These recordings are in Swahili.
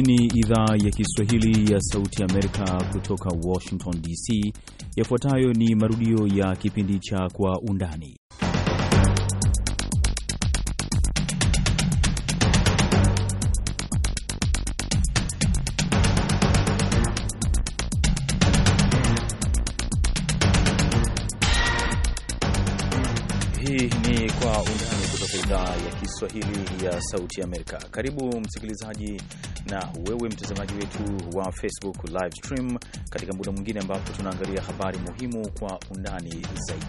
Hii ni idhaa ya Kiswahili ya Sauti Amerika kutoka Washington DC. Yafuatayo ni marudio ya kipindi cha Kwa Undani. Kiswahili ya Sauti Amerika. Karibu msikilizaji na wewe mtazamaji wetu wa Facebook live stream katika muda mwingine ambapo tunaangalia habari muhimu kwa undani zaidi.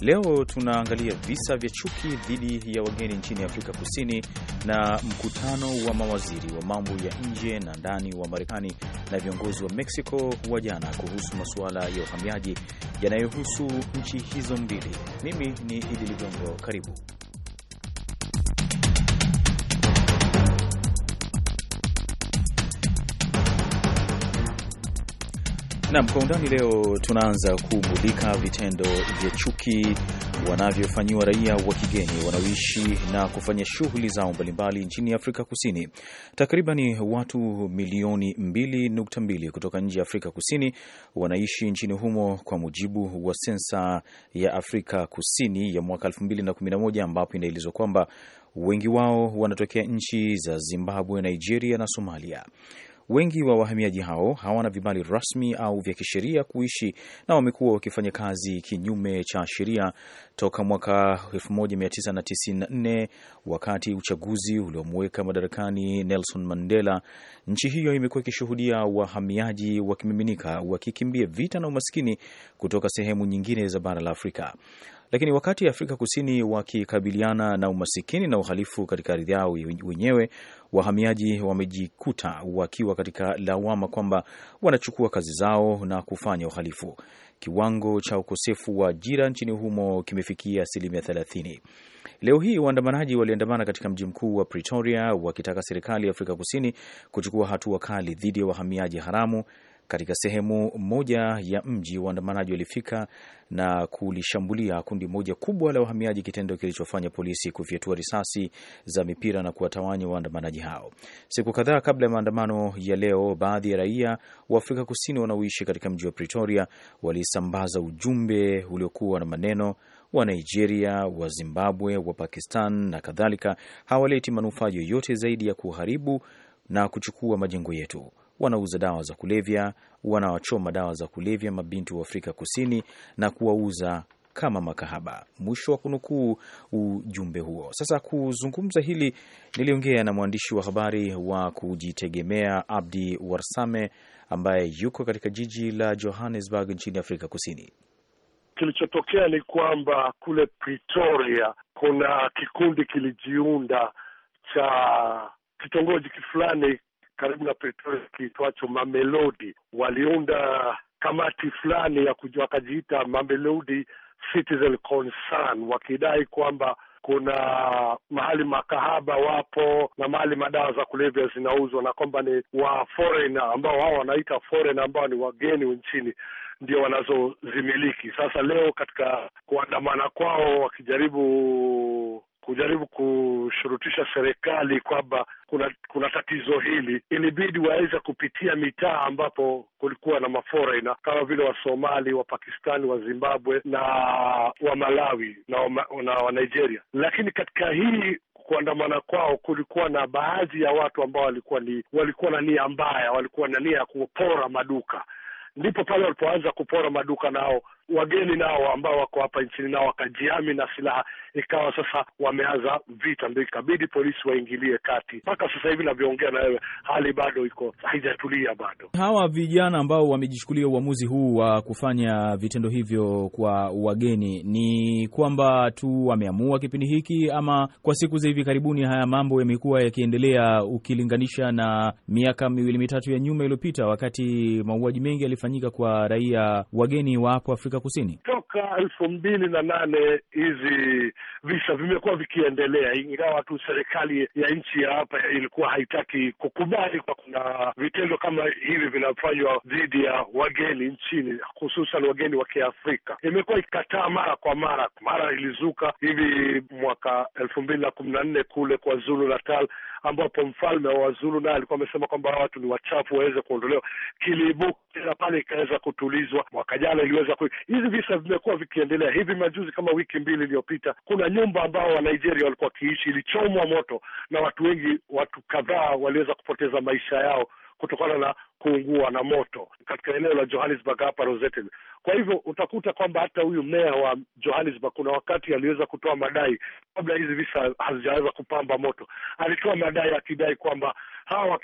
Leo tunaangalia visa vya chuki dhidi ya wageni nchini Afrika Kusini na mkutano wa mawaziri wa mambo ya nje na ndani wa Marekani na viongozi wa Mexico wa jana kuhusu masuala ya uhamiaji yanayohusu nchi hizo mbili. Mimi ni Idi Ligongo, karibu. Nam kwa undani leo tunaanza kumulika vitendo vya chuki wanavyofanyiwa raia wa kigeni wanaoishi na kufanya shughuli zao mbalimbali nchini Afrika Kusini. Takribani watu milioni 2.2 kutoka nje ya Afrika Kusini wanaishi nchini humo kwa mujibu wa sensa ya Afrika Kusini ya mwaka 2011 ambapo inaelezwa kwamba wengi wao wanatokea nchi za Zimbabwe, Nigeria na Somalia. Wengi wa wahamiaji hao hawana vibali rasmi au vya kisheria kuishi na wamekuwa wakifanya kazi kinyume cha sheria toka mwaka 1994 wakati uchaguzi uliomweka madarakani Nelson Mandela. Nchi hiyo imekuwa ikishuhudia wahamiaji wakimiminika wakikimbia vita na umaskini kutoka sehemu nyingine za bara la Afrika. Lakini wakati Afrika Kusini wakikabiliana na umasikini na uhalifu katika ardhi yao wenyewe, wahamiaji wamejikuta wakiwa katika lawama kwamba wanachukua kazi zao na kufanya uhalifu. Kiwango cha ukosefu wa ajira nchini humo kimefikia asilimia thelathini Leo hii waandamanaji waliandamana katika mji mkuu wa Pretoria wakitaka serikali ya Afrika Kusini kuchukua hatua kali dhidi ya wahamiaji haramu katika sehemu moja ya mji, waandamanaji walifika na kulishambulia kundi moja kubwa la wahamiaji, kitendo kilichofanya polisi kufyatua risasi za mipira na kuwatawanya waandamanaji hao. Siku kadhaa kabla ya maandamano ya leo, baadhi ya raia wa Afrika Kusini wanaoishi katika mji wa Pretoria walisambaza ujumbe uliokuwa na maneno wa Nigeria, wa Zimbabwe, wa Pakistan na kadhalika hawaleti manufaa yoyote zaidi ya kuharibu na kuchukua majengo yetu wanauza dawa za kulevya, wanawachoma dawa za kulevya mabinti wa Afrika Kusini na kuwauza kama makahaba. Mwisho wa kunukuu ujumbe huo. Sasa kuzungumza hili, niliongea na mwandishi wa habari wa kujitegemea Abdi Warsame ambaye yuko katika jiji la Johannesburg nchini Afrika Kusini. Kilichotokea ni kwamba kule Pretoria kuna kikundi kilijiunda cha kitongoji fulani karibu na Pretoria kiitwacho Mamelodi. Waliunda kamati fulani ya kujua, wakajiita Mamelodi Citizen Concern, wakidai kwamba kuna mahali makahaba wapo na mahali madawa za kulevya zinauzwa, na kwamba ni wa foreigner ambao wao wanaita foreigner ambao ni wageni nchini ndio wanazozimiliki. Sasa leo katika kuandamana kwao wakijaribu kujaribu kushurutisha serikali kwamba kuna kuna tatizo hili, ilibidi waweze kupitia mitaa ambapo kulikuwa na maforeina kama vile Wasomali, Wapakistani, wa Zimbabwe na wa Malawi na wa, na wa Nigeria, lakini katika hii kuandamana kwao kulikuwa na baadhi ya watu ambao walikuwa ni walikuwa na nia mbaya, walikuwa na nia ya kupora maduka. Ndipo pale walipoanza kupora maduka nao wageni nao ambao wako hapa nchini nao wakajiami na silaha, ikawa sasa wameanza vita, ndio ikabidi polisi waingilie kati. Mpaka sasa hivi navyoongea na wewe, hali bado iko haijatulia bado. Hawa vijana ambao wamejichukulia uamuzi huu wa kufanya vitendo hivyo kwa wageni, ni kwamba tu wameamua kipindi hiki, ama kwa siku za hivi karibuni haya mambo yamekuwa yakiendelea, ukilinganisha na miaka miwili mitatu ya nyuma iliyopita, wakati mauaji mengi yalifanyika kwa raia wageni wa hapo Afrika Afrika Kusini? Toka elfu mbili na nane hizi visa vimekuwa vikiendelea, ingawa tu serikali ya nchi ya hapa ilikuwa haitaki kukubali kwa kuna vitendo kama hivi vinafanywa dhidi ya wageni nchini, hususan wageni wa Kiafrika. Imekuwa ikikataa mara kwa mara. Mara ilizuka hivi mwaka elfu mbili na kumi na nne kule kwa Zulu Natal ambapo mfalme wa Wazulu naye alikuwa amesema kwamba watu ni wachafu waweze kuondolewa, kiliibuka tena pale, ikaweza kutulizwa. Mwaka jana iliweza ku, hizi visa vimekuwa vikiendelea. Hivi majuzi kama wiki mbili iliyopita, kuna nyumba ambao wa Nigeria walikuwa wakiishi ilichomwa moto na watu wengi, watu kadhaa waliweza kupoteza maisha yao kutokana na kuungua na moto katika eneo la Johannesburg hapa Rosetten. Kwa hivyo utakuta kwamba hata huyu meya wa Johannesburg kuna wakati aliweza kutoa madai kabla hizi visa hazijaweza kupamba moto. Alitoa madai akidai kwamba hawa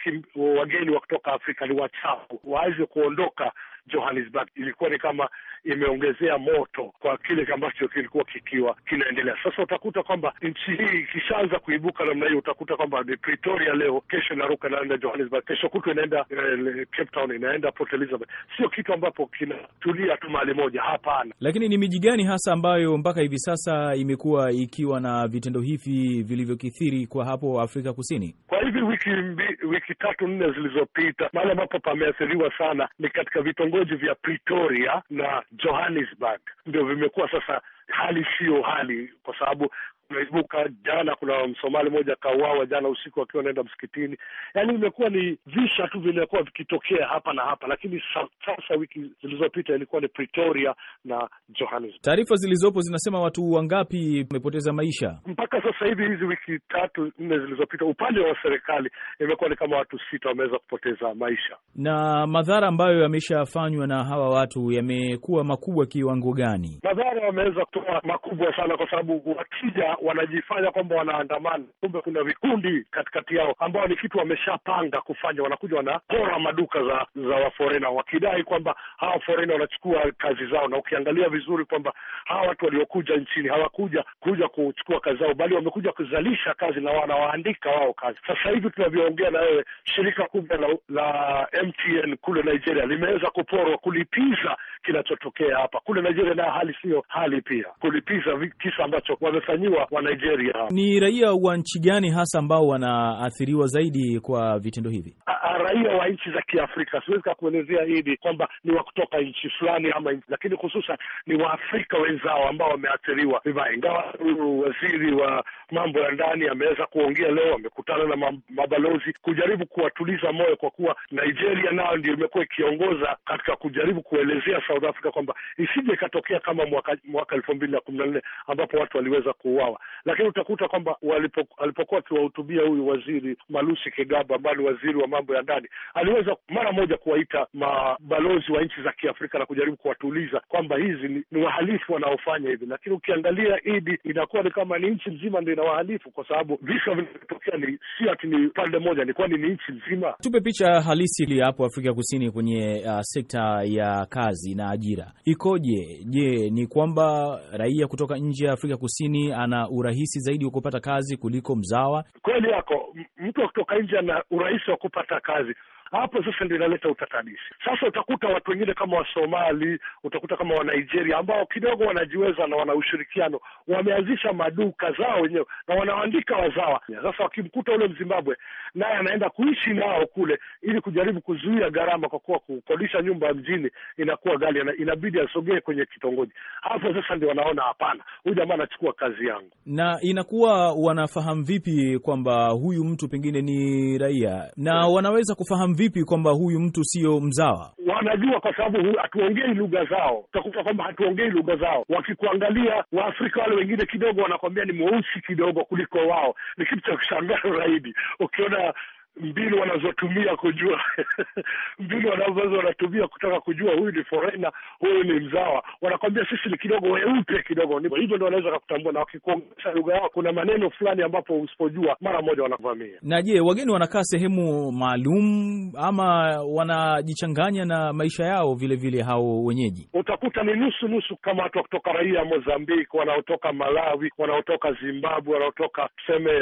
wageni wa kutoka Afrika ni wachafu, waweze kuondoka Johannesburg. Ilikuwa ni kama imeongezea moto kwa kile ambacho kilikuwa kikiwa kinaendelea. Sasa utakuta kwamba nchi hii ikishaanza kuibuka namna hiyo, utakuta kwamba ni Pretoria leo, kesho inaruka inaenda Johannesburg, kesho kutwa inaenda eh, Cape Town, inaenda Port Elizabeth. Sio kitu ambapo kinatulia tu mahali moja, hapana. Lakini ni miji gani hasa ambayo mpaka hivi sasa imekuwa ikiwa na vitendo hivi vilivyokithiri kwa hapo Afrika Kusini? Kwa hivi wiki mbi, wiki tatu nne zilizopita, mahali ambapo pameathiriwa sana ni katika vitongoji vya Pretoria na Johannesburg ndio vimekuwa sasa hali siyo hali, kwa sababu umeibuka jana. Kuna msomali mmoja akauawa jana usiku akiwa anaenda msikitini. Yaani imekuwa ni visha tu vimekuwa vikitokea hapa na hapa, lakini sasa wiki zilizopita ilikuwa ni Pretoria na Johannesburg. Taarifa zilizopo zinasema watu wangapi wamepoteza maisha mpaka sasa hivi. Hizi wiki tatu nne zilizopita, upande wa serikali imekuwa ni kama watu sita wameweza kupoteza maisha, na madhara ambayo yameshafanywa na hawa watu yamekuwa makubwa kiwango gani? Madhara wameweza kutoa makubwa sana, kwa sababu wakija wanajifanya kwamba wanaandamana, kumbe kuna vikundi katikati yao ambao ni kitu wameshapanga kufanya. Wanakuja wanapora maduka za za waforena wakidai kwamba hawa forena wanachukua kazi zao, na ukiangalia vizuri kwamba hawa watu waliokuja nchini hawakuja kuja kuchukua kazi zao, bali wamekuja kuzalisha kazi na wanawaandika wao kazi. Sasa hivi tunavyoongea na wewe, shirika kubwa la, la MTN kule Nigeria limeweza kuporwa kulipiza kinachotokea hapa. Kule Nigeria nayo hali siyo hali, pia kulipiza kisa ambacho wamefanyiwa wa Nigeria. Ni raia wa nchi gani hasa ambao wanaathiriwa zaidi kwa vitendo hivi? Raia wa nchi za Kiafrika, siwezi kakuelezea hili kwamba ni wa kutoka nchi fulani ama nchi, lakini hususan ni Waafrika wenzao ambao wameathiriwa vibaya, ingawa waziri wa mambo ya ndani ameweza kuongea leo, amekutana na mabalozi kujaribu kuwatuliza moyo, kwa kuwa Nigeria nayo ndio imekuwa ikiongoza katika kujaribu kuelezea South Africa kwamba isije ikatokea kama mwaka mwaka elfu mbili na kumi na nne ambapo watu waliweza kuuawa, lakini utakuta kwamba walipo, alipokuwa akiwahutubia huyu waziri Malusi kegaba ambaye ni waziri wa mambo ya ndani aliweza mara moja kuwaita mabalozi wa nchi za Kiafrika na kujaribu kuwatuliza kwamba hizi ni, ni wahalifu wanaofanya hivi, lakini ukiangalia idi inakuwa ni kama ni nchi nzima ndio inawahalifu kwa sababu visa vinavyotokea ni si ati ni pande moja, ni kwani ni nchi nzima. Tupe picha halisi hapo Afrika Kusini kwenye uh, sekta ya kazi na ajira ikoje? Je, ni kwamba raia kutoka nje ya Afrika Kusini ana urahisi zaidi wa kupata kazi kuliko mzawa? Kweli yako, mtu wa kutoka nje ana urahisi wa kupata kazi hapo sasa ndio inaleta utatanishi. Sasa utakuta watu wengine kama Wasomali, utakuta kama Wanigeria ambao kidogo wanajiweza na wana ushirikiano, wameanzisha maduka zao wenyewe na wanaandika wazawa. Sasa wakimkuta ule Mzimbabwe naye anaenda kuishi nao kule, ili kujaribu kuzuia gharama, kwa kuwa kukodisha nyumba mjini inakuwa ghali, inabidi asogee kwenye kitongoji. Hapo sasa ndio wanaona hapana, huyu jamaa anachukua kazi yangu. Na inakuwa wanafahamu vipi kwamba huyu mtu pengine ni raia, na hmm. wanaweza kufahamu vipi kwamba huyu mtu sio mzawa? Wanajua kwa sababu hatuongei lugha zao, utakuta kwamba hatuongei lugha zao. Wakikuangalia Waafrika wale wengine kidogo wanakwambia ni mweusi kidogo kuliko wao, ni kitu cha kushangaza zaidi ukiona mbinu wanazotumia kujua mbinu wanazo wanatumia kutaka kujua huyu ni forena huyu ni mzawa. Wanakwambia sisi ni kidogo weupe kidogo, hivyo ndo wanaweza kakutambua na wakikuongesha lugha yao, kuna maneno fulani ambapo usipojua mara moja wanavamia. Na je, wageni wanakaa sehemu maalum ama wanajichanganya na maisha yao vile vile hao wenyeji? Utakuta ni nusu nusu, kama watu kutoka raia mozambik wanaotoka Malawi, wanaotoka Zimbabwe, wanaotoka tuseme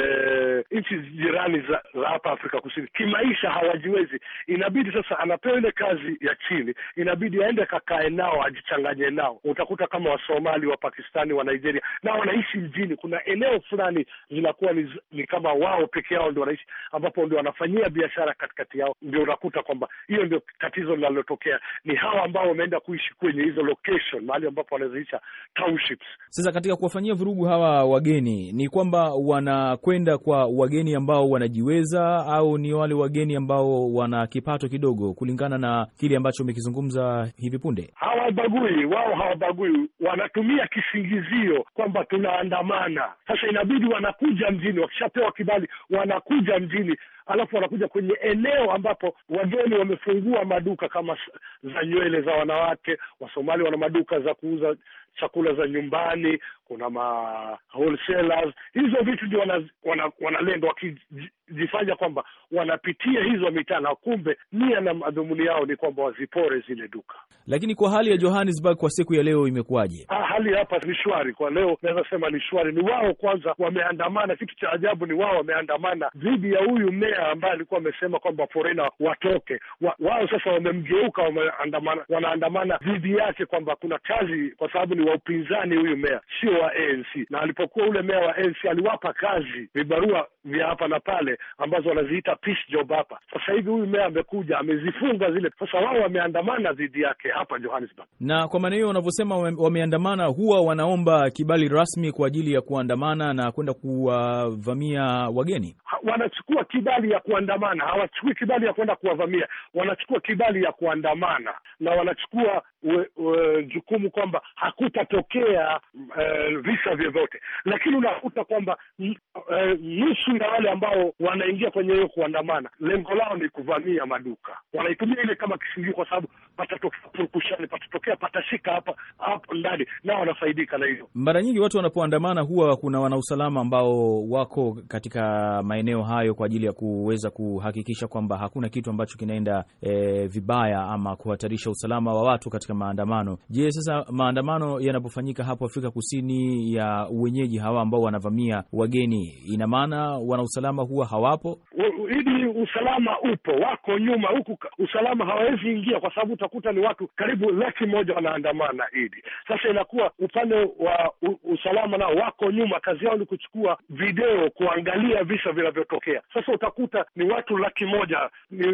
nchi jirani za hapa Afrika Kusini kimaisha hawajiwezi, inabidi sasa anapewa ile kazi ya chini, inabidi aende kakae nao, ajichanganye nao. Utakuta kama Wasomali, Wapakistani, wa Nigeria na wanaishi mjini. Kuna eneo fulani zinakuwa ni, ni kama wao peke yao ndio wanaishi, ambapo ndio wanafanyia biashara katikati yao, ndio unakuta kwamba hiyo ndio tatizo linalotokea, ni hawa ambao wameenda kuishi kwenye hizo location, mahali ambapo wanazoisha townships. Sasa katika kuwafanyia vurugu hawa wageni, ni kwamba wanakwenda kwa wageni ambao wanajiweza au au ni wale wageni ambao wana kipato kidogo, kulingana na kile ambacho umekizungumza hivi punde? Hawabagui wao, hawabagui, wanatumia kisingizio kwamba tunaandamana. Sasa inabidi wanakuja mjini, wakishapewa kibali wanakuja mjini alafu wanakuja kwenye eneo ambapo wageni wamefungua maduka kama za nywele za wanawake. Wasomali wana maduka za kuuza chakula za nyumbani, kuna ma wholesalers. Hizo vitu ndio wanalenda wana, wana wakijifanya kwamba wanapitia hizo mitaa, na kumbe nia na madhumuni yao ni kwamba wazipore zile duka. Lakini kwa hali ya Johannesburg kwa siku ya leo imekuwaje? Ha, ah, hali hapa ni shwari kwa leo, naweza sema ni shwari. Ni wao kwanza wameandamana. Kitu cha ajabu ni wao wameandamana dhidi ya huyu meya ambaye alikuwa amesema kwamba forena watoke wa, wao sasa wamemgeuka, wameandamana, wanaandamana dhidi yake kwamba kuna kazi kwa sababu ni wa upinzani huyu mea sio wa ANC. Na alipokuwa ule mea wa ANC aliwapa kazi vibarua vya hapa na pale ambazo wanaziita peace job hapa. Sasa hivi huyu mea amekuja amezifunga zile, sasa wao wameandamana dhidi yake hapa Johannesburg. Na kwa maana hiyo wanavyosema wameandamana, huwa wanaomba kibali rasmi kwa ajili ya kuandamana na kwenda kuwavamia wageni ha, wanachukua kibali ya kuandamana, hawachukui kibali ya kwenda kuwavamia, wanachukua kibali ya kuandamana na wanachukua we, we, jukumu kwamba haku hakutatokea uh, eh, visa vyovyote, lakini unakuta kwamba mm, eh, nusu uh, ya wale ambao wanaingia kwenye hiyo kuandamana, lengo lao ni kuvamia maduka. Wanaitumia ile kama kisingizio, kwa sababu patatokea purukushani, patatokea patashika hapa hapo ndani, nao wanafaidika na hivyo. Mara nyingi watu wanapoandamana huwa kuna wanausalama ambao wako katika maeneo hayo kwa ajili ya kuweza kuhakikisha kwamba hakuna kitu ambacho kinaenda e, vibaya ama kuhatarisha usalama wa watu katika maandamano. Je, sasa maandamano yanapofanyika hapo Afrika Kusini ya wenyeji hawa ambao wanavamia wageni, ina maana wana usalama huwa hawapo hili usalama upo, wako nyuma huku, usalama hawawezi ingia, kwa sababu utakuta ni watu karibu laki moja wanaandamana hili. Sasa inakuwa upande wa usalama nao wako nyuma, kazi yao ni kuchukua video, kuangalia visa vinavyotokea. Sasa utakuta ni watu laki moja ni,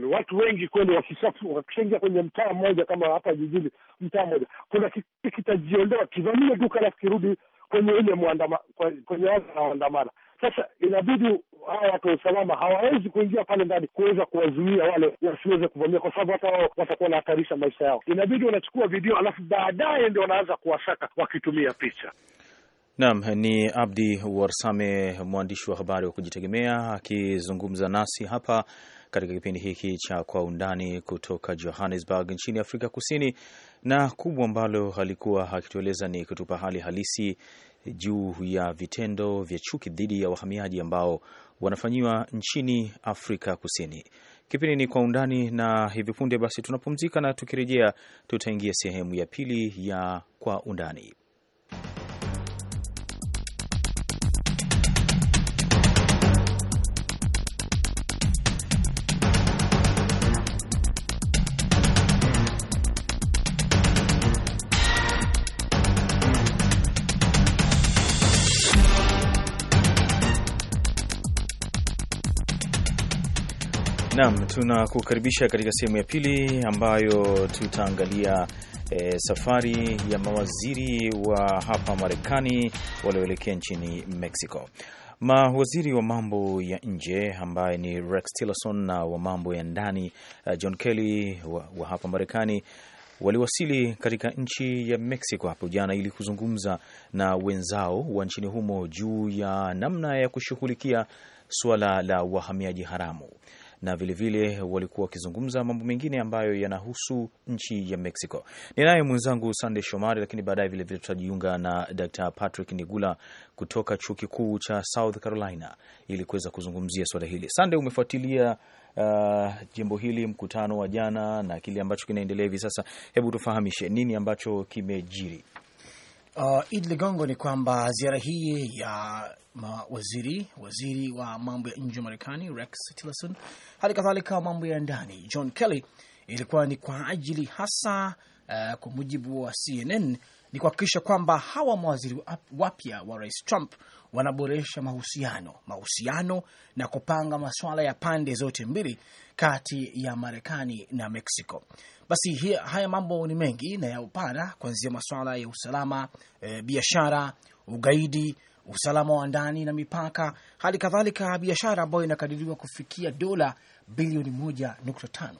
ni watu wengi kweli, wakishaingia kwenye mtaa mmoja kama hapa jijini, mtaa mmoja kuna kiki itajiondoa kivamie duka la kirudi kwenye ile muandama, kwenye wale waandamana Sasa inabidi hawa watu wa usalama hawawezi kuingia pale ndani kuweza kuwazuia wale wasiweze kuvamia, kwa sababu hata wao watakuwa wanahatarisha maisha yao. Inabidi wanachukua video, alafu baadaye ndio wanaanza kuwasaka wakitumia picha. Naam, ni Abdi Warsame, mwandishi wa habari wa kujitegemea akizungumza nasi hapa katika kipindi hiki cha Kwa Undani kutoka Johannesburg nchini Afrika Kusini, na kubwa ambalo alikuwa akitueleza ni kutupa hali halisi juu ya vitendo vya chuki dhidi ya wahamiaji ambao wanafanyiwa nchini Afrika Kusini. Kipindi ni Kwa Undani, na hivi punde basi tunapumzika, na tukirejea tutaingia sehemu ya pili ya Kwa Undani. Naam, tunakukaribisha katika sehemu ya pili ambayo tutaangalia e, safari ya mawaziri wa hapa Marekani walioelekea nchini Mexico. Mawaziri wa mambo ya nje ambaye ni Rex Tillerson na wa mambo ya ndani eh, John Kelly wa, wa hapa Marekani waliwasili katika nchi ya Mexico hapo jana ili kuzungumza na wenzao wa nchini humo juu ya namna ya kushughulikia suala la wahamiaji haramu na vilevile vile walikuwa wakizungumza mambo mengine ambayo yanahusu nchi ya Mexico. Ninaye mwenzangu Sande Shomari, lakini baadaye vilevile tutajiunga na Dr. Patrick Nigula kutoka chuo kikuu cha South Carolina ili kuweza kuzungumzia swala hili. Sande, umefuatilia uh, jimbo hili, mkutano wa jana na kile ambacho kinaendelea hivi sasa. Hebu tufahamishe nini ambacho kimejiri? Uh, Id Ligongo, ni kwamba ziara hii ya mawaziri waziri wa mambo ya nje wa Marekani Rex Tillerson, hali kadhalika mambo ya ndani John Kelly, ilikuwa ni kwa ajili hasa uh, kwa mujibu wa CNN ni kuhakikisha kwamba hawa mawaziri wapya wa Rais Trump wanaboresha mahusiano mahusiano na kupanga masuala ya pande zote mbili kati ya Marekani na Mexico. Basi hia, haya mambo ni mengi na ya upana, kuanzia masuala ya usalama e, biashara, ugaidi, usalama wa ndani na mipaka, hali kadhalika biashara ambayo inakadiriwa kufikia dola bilioni moja nukta tano.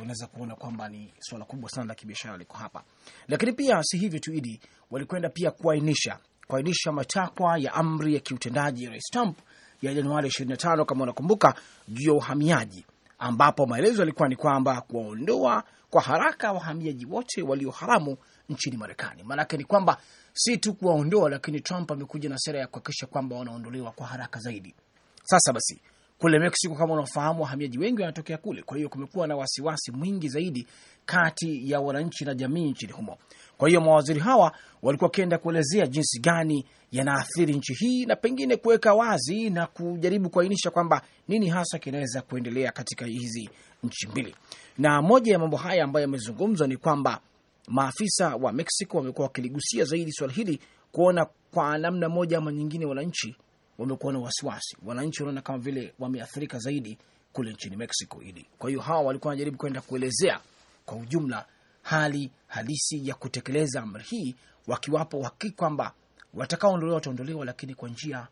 Unaweza kuona kwamba ni suala kubwa sana la kibiashara liko hapa, lakini pia si hivyo tu, Idi, walikwenda pia kuainisha kuainisha matakwa ya amri ya kiutendaji ya Rais Trump ya Januari 25 kama unakumbuka, juu ya uhamiaji, ambapo maelezo yalikuwa ni kwamba kuwaondoa kwa haraka wahamiaji wote walio haramu nchini Marekani. Maanake ni kwamba si tu kuwaondoa, lakini Trump amekuja na sera ya kuhakikisha kwamba wanaondolewa kwa haraka zaidi. Sasa basi kule Mexico kama unafahamu, wahamiaji wengi wanatokea kule, kwa hiyo kumekuwa na wasiwasi mwingi zaidi kati ya wananchi na jamii nchini humo. Kwa hiyo mawaziri hawa walikuwa wakienda kuelezea jinsi gani yanaathiri nchi hii na pengine kuweka wazi na kujaribu kuainisha kwamba nini hasa kinaweza kuendelea katika hizi nchi mbili. Na moja ya mambo haya ambayo yamezungumzwa ni kwamba maafisa wa Mexico wamekuwa wakiligusia zaidi swala hili, kuona kwa namna moja ama nyingine wananchi wamekuwa na wasiwasi, wananchi wanaona kama vile wameathirika zaidi kule nchini Mexico. hili. kwa hiyo hawa walikuwa wanajaribu kwenda kuelezea kwa ujumla hali halisi ya kutekeleza amri hii, wakiwapo hakika kwamba watakaoondolewa wataondolewa, lakini kwa njia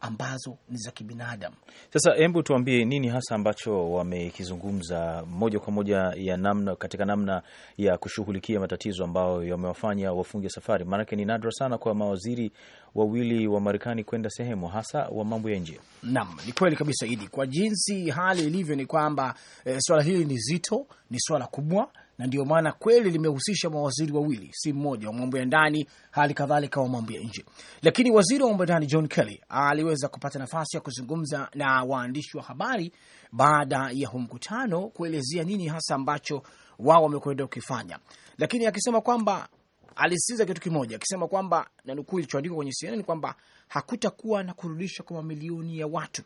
ambazo ni za kibinadamu. Sasa hebu tuambie nini hasa ambacho wamekizungumza moja kwa moja ya namna, katika namna ya kushughulikia matatizo ambayo yamewafanya wafunge safari, maanake ni nadra sana kwa mawaziri wawili wa Marekani kwenda sehemu hasa wa mambo ya nje. Naam, ni kweli kabisa Idi, kwa jinsi hali ilivyo ni kwamba e, swala hili ni zito, ni swala kubwa na ndio maana kweli limehusisha mawaziri wawili, si mmoja, wa mambo ya ndani, hali kadhalika wa mambo ya nje. Lakini waziri wa mambo ya ndani John Kelly aliweza kupata nafasi ya kuzungumza na waandishi wa habari baada ya huu mkutano, kuelezea nini hasa ambacho wao wamekwenda ukifanya, lakini akisema kwamba alisisitiza kitu kimoja, akisema kwamba na nukuu ilichoandikwa kwenye CNN kwamba hakutakuwa na kurudisha kwa mamilioni ya watu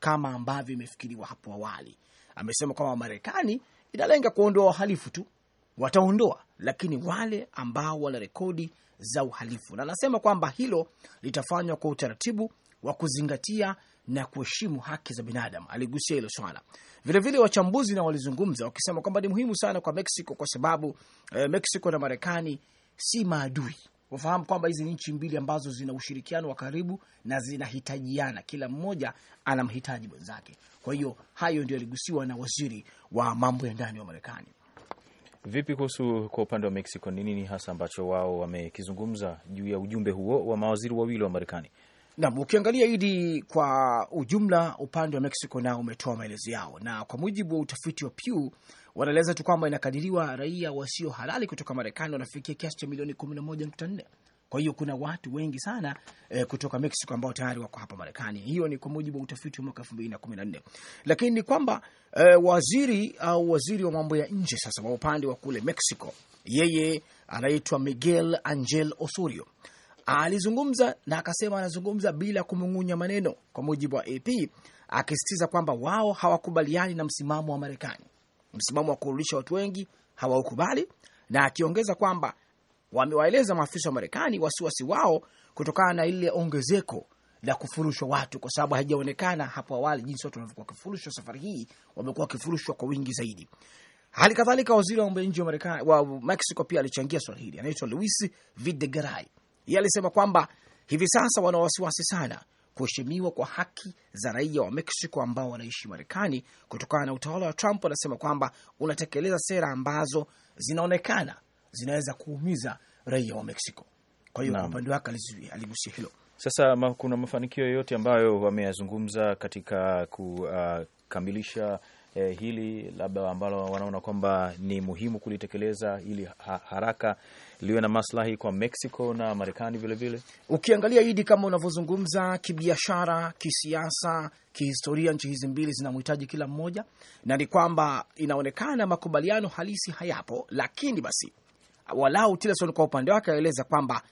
kama ambavyo imefikiriwa hapo awali. Amesema kwamba Marekani inalenga kuondoa wahalifu tu, wataondoa lakini wale ambao wana rekodi za uhalifu, na anasema kwamba hilo litafanywa kwa utaratibu wa kuzingatia na kuheshimu haki za binadamu. Aligusia hilo swala vilevile, wachambuzi na walizungumza wakisema kwamba ni muhimu sana kwa Mexico kwa sababu eh, Mexico na Marekani si maadui. Wafahamu kwamba hizi ni nchi mbili ambazo zina ushirikiano wa karibu na zinahitajiana, kila mmoja anamhitaji mwenzake. Kwa hiyo hayo ndio yaligusiwa na waziri wa mambo ya ndani wa Marekani. Vipi kuhusu kwa upande wa Mexico, ni nini hasa ambacho wao wamekizungumza juu ya ujumbe huo wa mawaziri wawili wa Marekani? Naam, ukiangalia hidi kwa ujumla, upande wa Mexico nao umetoa maelezo yao, na kwa mujibu wa utafiti wa Pew wanaeleza tu kwamba inakadiriwa raia wasio halali kutoka Marekani wanafikia kiasi cha milioni nne. Kwa hiyo kuna watu wengi sana e, kutoka Mexico ambao tayari wako hapa Marekani. Hiyo ni kwa mujibu wa utafiti wa mwaka 2014. Lakini ni kwamba e, waziri au waziri wa mambo ya nje sasa wa upande wa kule Mexico, yeye anaitwa Miguel Angel Osorio alizungumza na akasema anazungumza bila kumung'unya maneno, kwa mujibu wa AP, akisisitiza kwamba wao hawakubaliani na msimamo wa Marekani. Msimamo wa kurudisha watu wengi hawaukubali, na akiongeza kwamba wamewaeleza maafisa wa Marekani wasiwasi wao kutokana na ile ongezeko la kufurushwa watu, kwa sababu haijaonekana hapo awali jinsi watu wanavyokuwa wakifurushwa. Safari hii wamekuwa wakifurushwa kwa wingi zaidi. Hali kadhalika waziri wa mambo ya nje wa Marekani wa Mexico pia alichangia swala hili, anaitwa Luis Videgaray. Yeye alisema kwamba hivi sasa wana wasiwasi sana kuheshimiwa kwa haki za raia wa Mexico ambao wanaishi Marekani kutokana na utawala wa Trump. Anasema kwamba unatekeleza sera ambazo zinaonekana zinaweza kuumiza raia wa Mexico. Kwa hiyo upande wake aligusia hilo. Sasa ma, kuna mafanikio yoyote ambayo wameyazungumza katika kukamilisha uh, eh, hili labda ambalo wanaona kwamba ni muhimu kulitekeleza ili ha, haraka liwe na maslahi kwa Mexico na Marekani vilevile. Ukiangalia Idi, kama unavyozungumza, kibiashara, kisiasa, kihistoria, nchi hizi mbili zinamhitaji kila mmoja, na ni kwamba inaonekana makubaliano halisi hayapo, lakini basi walau Tillerson kwa upande wake aeleza kwamba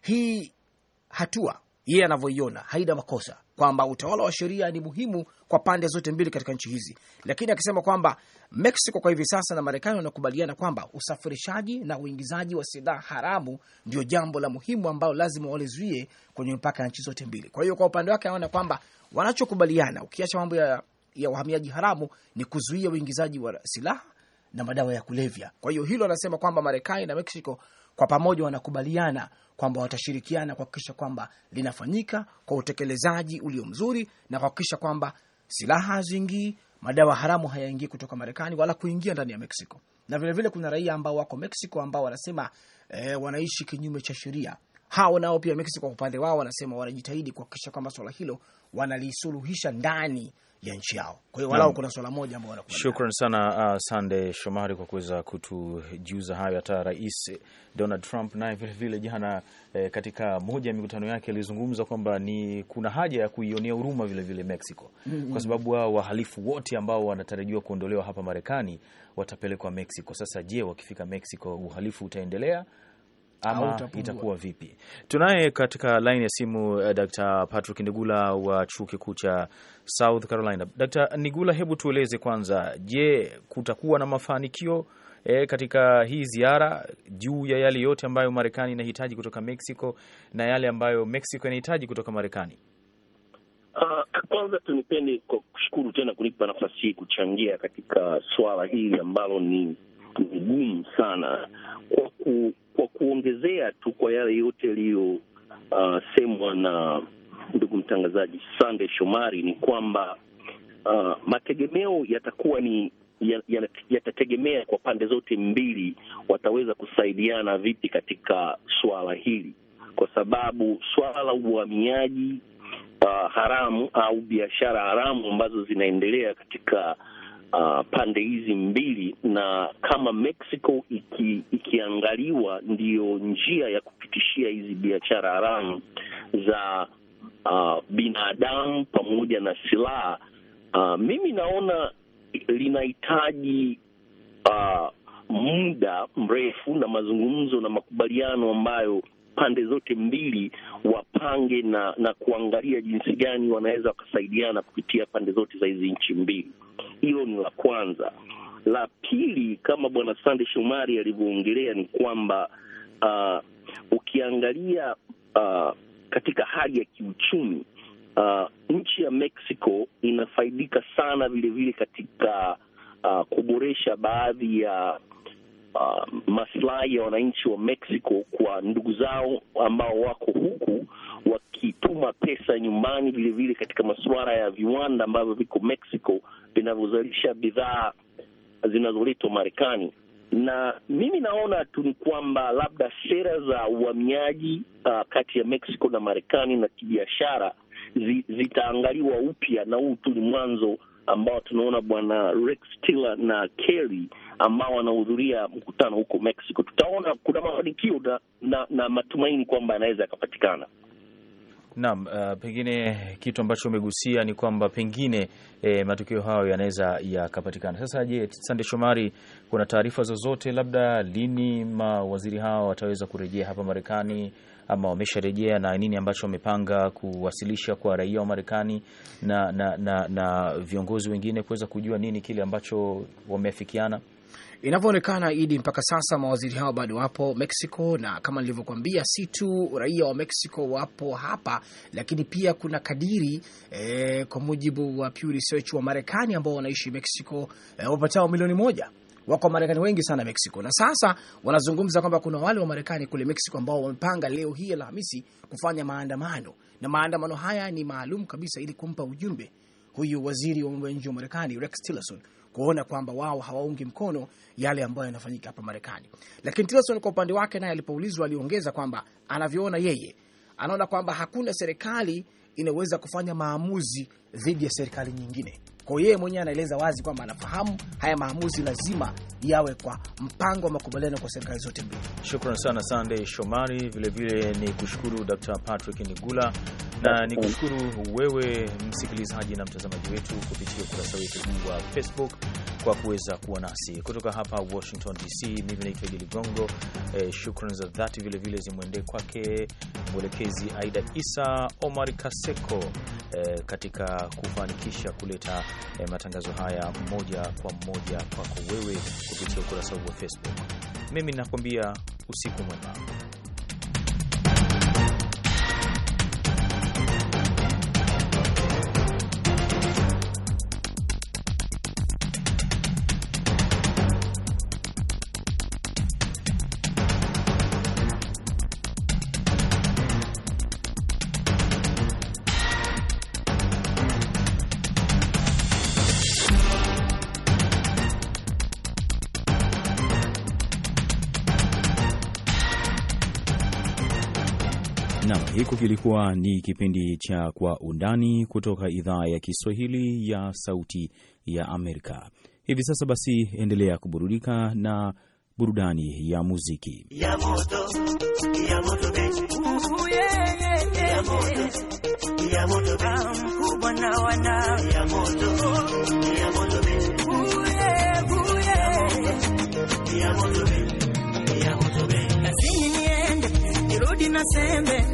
hii hatua yeye anavyoiona haina makosa, kwamba utawala wa sheria ni muhimu kwa pande zote mbili katika nchi hizi, lakini akisema kwamba Mexico kwa hivi sasa na Marekani wanakubaliana kwamba usafirishaji na uingizaji wa silaha haramu ndio jambo la muhimu ambalo lazima walizuie kwenye mipaka ya nchi zote mbili. Kwa hiyo kwa upande wake anaona kwamba wanachokubaliana, ukiacha mambo ya, ya uhamiaji haramu, ni kuzuia uingizaji wa silaha na madawa ya kulevya. Kwa hiyo hilo anasema kwamba Marekani na Mexico kwa pamoja wanakubaliana kwamba watashirikiana kuhakikisha kwamba linafanyika kwa utekelezaji ulio mzuri na kuhakikisha kwamba silaha haziingii, madawa haramu hayaingii kutoka Marekani wala kuingia ndani ya Mexico. Na vilevile vile kuna raia ambao wako Mexico ambao wanasema e, wanaishi kinyume cha sheria. Hao nao pia Mexico kwa upande wao wanasema wanajitahidi kuhakikisha kwamba swala hilo wanalisuluhisha ndani ya nchi yao. Kwa hiyo walau kuna swala moja ambao wanakuwa. Shukran sana uh, Sande Shomari kwa kuweza kutujuza hayo. Hata Rais Donald Trump naye vilevile jana eh, katika moja ya mikutano yake alizungumza kwamba ni kuna haja ya kuionea huruma vilevile Mexico mm -hmm. kwa sababu hao wahalifu wote ambao wanatarajiwa kuondolewa hapa Marekani watapelekwa Mexico. Sasa je, wakifika Mexico uhalifu utaendelea ama itakuwa vipi? Tunaye katika laini ya simu eh, Dr. Patrick Nigula wa chuo kikuu cha South Carolina. Dr. Nigula, hebu tueleze kwanza, je, kutakuwa na mafanikio E, katika hii ziara juu ya yale yote ambayo Marekani inahitaji kutoka Mexico na yale ambayo Mexico inahitaji kutoka Marekani. Uh, tunipende kwa kushukuru tena kunipa nafasi hii kuchangia katika swala hili ambalo ni gumu sana kwa ku kwa kuongezea tu kwa yale yote yaliyosemwa uh, na ndugu mtangazaji Sande Shomari ni kwamba uh, mategemeo yatakuwa ni yatategemea ya kwa pande zote mbili wataweza kusaidiana vipi katika suala hili, kwa sababu suala la uhamiaji uh, haramu au biashara haramu ambazo zinaendelea katika uh, pande hizi mbili, na kama Mexico iki, ikiangaliwa ndiyo njia ya kupitishia hizi biashara haramu za uh, binadamu pamoja na silaha uh, mimi naona linahitaji uh, muda mrefu na mazungumzo na makubaliano ambayo pande zote mbili wapange na na kuangalia jinsi gani wanaweza wakasaidiana kupitia pande zote za hizi nchi mbili. Hilo ni la kwanza. La pili, kama Bwana Sande Shomari alivyoongelea ni kwamba uh, ukiangalia uh, katika hali ya kiuchumi uh, nchi ya Mexico inafaidika sana vilevile vile katika uh, kuboresha baadhi ya uh, maslahi ya wananchi wa Mexico kwa ndugu zao ambao wako huku wakituma pesa nyumbani, vilevile katika masuala ya viwanda ambavyo viko Mexico vinavyozalisha bidhaa zinazoletwa Marekani. Na mimi naona tu ni kwamba labda sera za uhamiaji uh, kati ya Mexico na Marekani na kibiashara zitaangaliwa upya, na huu tu ni mwanzo ambao tunaona bwana Rex Tillerson na Kerry ambao wanahudhuria mkutano huko Mexico. Tutaona kuna mafanikio na, na, na matumaini kwamba yanaweza yakapatikana. Naam, uh, pengine kitu ambacho umegusia ni kwamba pengine eh, matukio hayo yanaweza yakapatikana. Sasa je, Sande Shomari, kuna taarifa zozote labda lini mawaziri hao wataweza kurejea hapa Marekani? ama wamesharejea na nini ambacho wamepanga kuwasilisha kwa raia wa Marekani na, na, na, na viongozi wengine kuweza kujua nini kile ambacho wameafikiana. Inavyoonekana Idi, mpaka sasa mawaziri hao bado wapo Mexico, na kama nilivyokuambia, si tu raia wa Mexico wapo hapa, lakini pia kuna kadiri eh, kwa mujibu wa Pew Research wa Marekani ambao wanaishi Mexico eh, wapatao milioni moja wako Wamarekani wengi sana Mexico, na sasa wanazungumza kwamba kuna wale wa marekani kule Mexico ambao wamepanga leo hii Alhamisi kufanya maandamano, na maandamano haya ni maalum kabisa ili kumpa ujumbe huyu waziri wa mambo ya nje wa Marekani Rex Tillerson kuona kwamba wao hawaungi mkono yale ambayo yanafanyika hapa Marekani. Lakini Tillerson kwa upande wake naye alipoulizwa aliongeza kwamba anavyoona yeye, anaona kwamba hakuna serikali inaweza kufanya maamuzi dhidi ya serikali nyingine. Kwa hiyo yeye mwenyewe anaeleza wazi kwamba anafahamu haya maamuzi lazima yawe kwa mpango wa makubaliano kwa serikali zote mbili. Shukran sana Sandey Shomari, vilevile ni kushukuru Dr Patrick Nigula na ni kushukuru wewe msikilizaji na mtazamaji wetu kupitia ukurasa wetu wa Facebook kwa kuweza kuwa nasi kutoka hapa Washington DC. Mimi naitwa Idi Ligongo. Eh, shukrani za dhati vilevile zimwendee kwake mwelekezi Aida Isa Omar Kaseko eh, katika kufanikisha kuleta eh, matangazo haya moja kwa moja kwako wewe kupitia ukurasa wa Facebook. Mimi nakwambia usiku mwema. Nam, hiko kilikuwa ni kipindi cha Kwa Undani kutoka idhaa ya Kiswahili ya Sauti ya Amerika. Hivi sasa basi, endelea kuburudika na burudani ya muziki ya moto, ya moto yeah, yeah, yeah. Ya moto. niende nirudi na sembe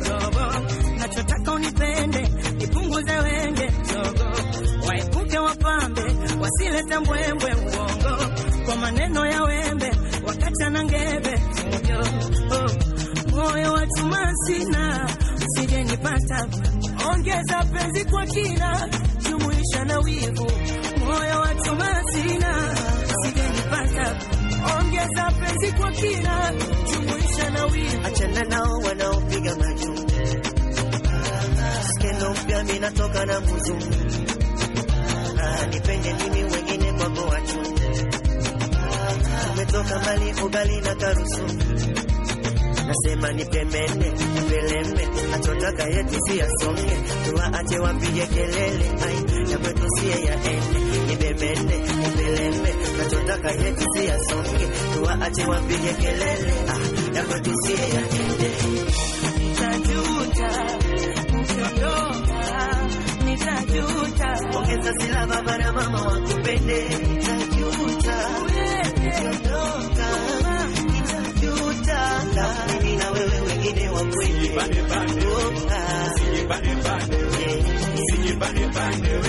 Nachotaka unipende, nipunguze wenge sogo, waepuke wapambe, wasilete mbwembwe uongo, kwa maneno ya wembe wakacha na ngebe oh. Moyo wa chuma sina, usije nipata, ongeza penzi kwa kina, jumuisha na wivu. Moyo wa chuma sina, usije nipata ongeza penzi kwa kina, jumuisha na wivu. Achana nao wanaopiga linatoka na nguzu. Ah, nipende mimi wengine kwako wachunge. umetoka mbali ugali na karusu. Nasema nipemene, peleme, atotaka yetu si asonge. Tuwaache wapige kelele, ai, ya kwetu siye ya ene. Nipemene, peleme, atotaka yetu si asonge. Tuwaache wapige kelele, ah, ya kwetu siye ya ene. kuvuta, ongeza silaba bara mama wakupende, nitajuta ukiondoka, mimi na wewe wengine wapwende,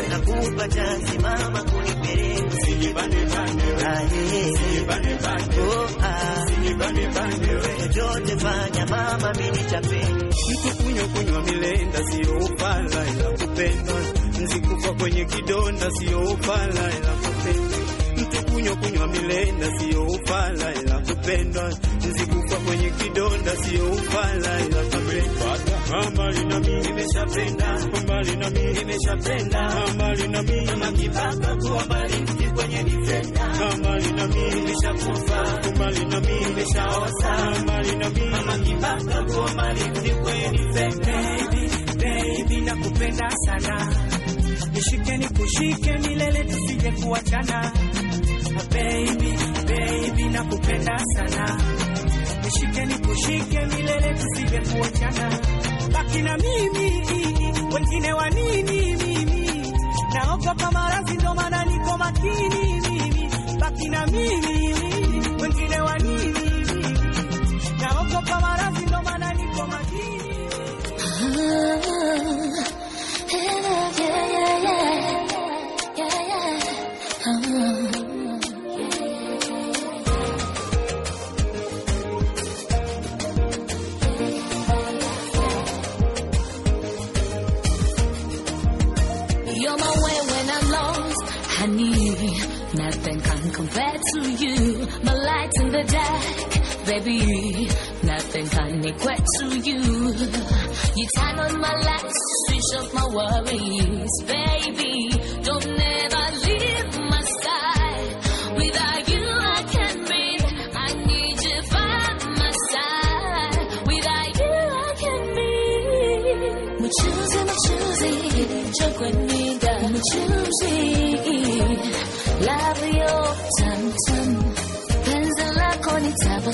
nakupa chansi mama kunipeleka kidonda sio upala ila kupendwa, mtu kunywa kunywa milenda sio upala ila kupendwa, nzi kwenye kidonda sio upala ila kupendwa. Mama lina mimi nimeshapenda, mama lina mimi nimeshapenda, mama lina mimi kwa kwenye mama lina mimi nimeshakufa, mama lina mimi nimeshaosa, mama lina mimi kwa kwenye baby baby nakupenda sana nishikeni kushike milele tusije kuachana baby, baby nakupenda sana nishikeni kushike milele tusije kuachana baki na mimi wengine wa nini mimi naogopa maradhi ndo maana niko makini mimi baki na mimi baby. Nothing can equate to you. You time on my life, switch off my worries, baby. Don't ever leave my side. Without you, I can't breathe. I need you by my side. Without you, I can't breathe. We're choosing, we're choosing. Choke with me, We're choosing.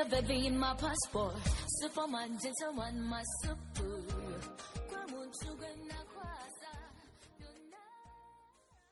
A Baby in my passport. Superman, gentleman, my super.